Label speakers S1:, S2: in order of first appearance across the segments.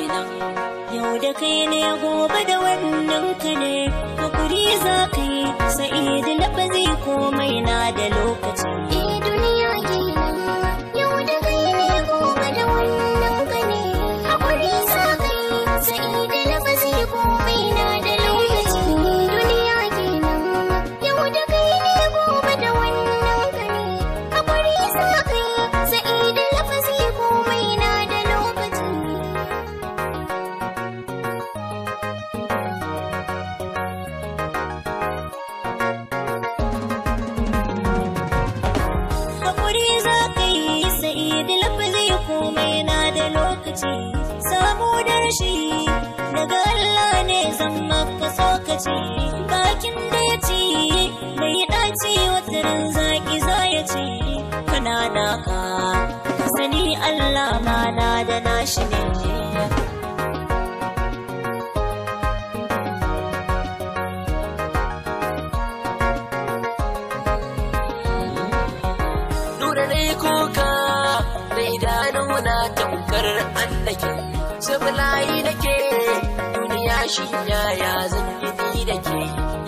S1: kenan yau da kai ne gobe da wannan ka ne hakuri za ka yi sa'idu na zai komai na da lokaci lokaci samu da daga Allah ne zan maka kace bakin da ya ci bai yi ɗaci wata zaki zo ya ce kana naka sani Allah ma na da nashi ne
S2: sabulayi nake duniya shi yaya zan yi da ke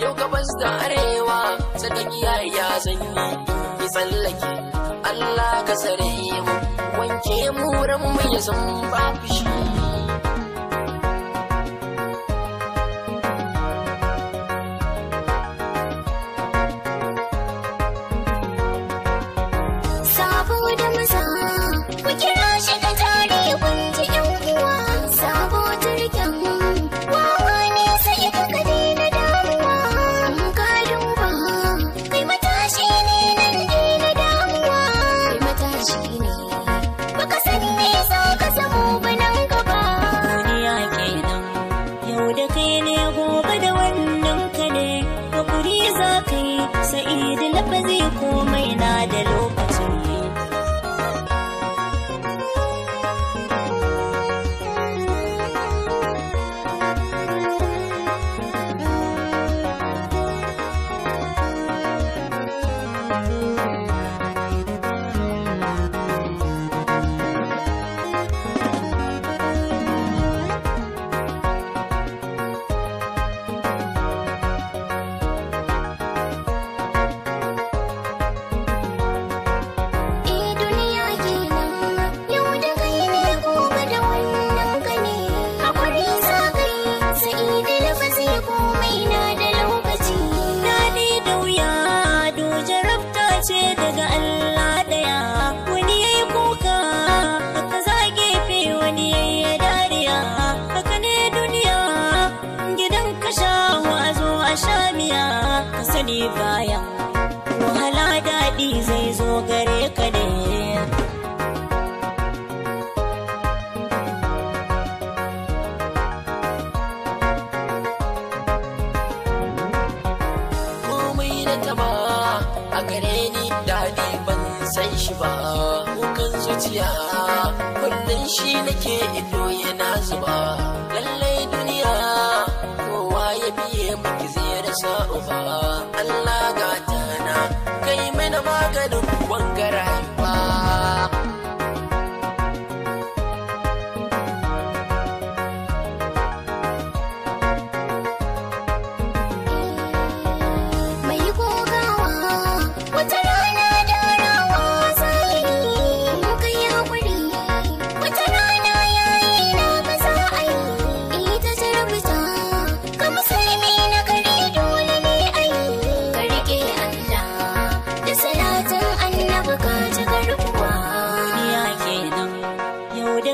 S2: yau gabas da arewa sadakiya ya zan yi ki tsallake Allah ka sare mu wanke mu ran mu ya san ba fushi
S1: da maza ni baya wahala daɗi zai zo gare ka ne
S2: komai da taba a gare ni daɗi ban san shi ba kukan zuciya kullum shi nake ido yana zuba lallai sa uba Allah ga na kai mini maganin wangar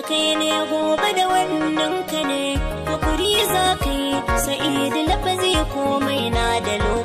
S1: kai ne gobe da wannan ka ne hakuri za ka yi sa'i da lafazi komai na da lokaci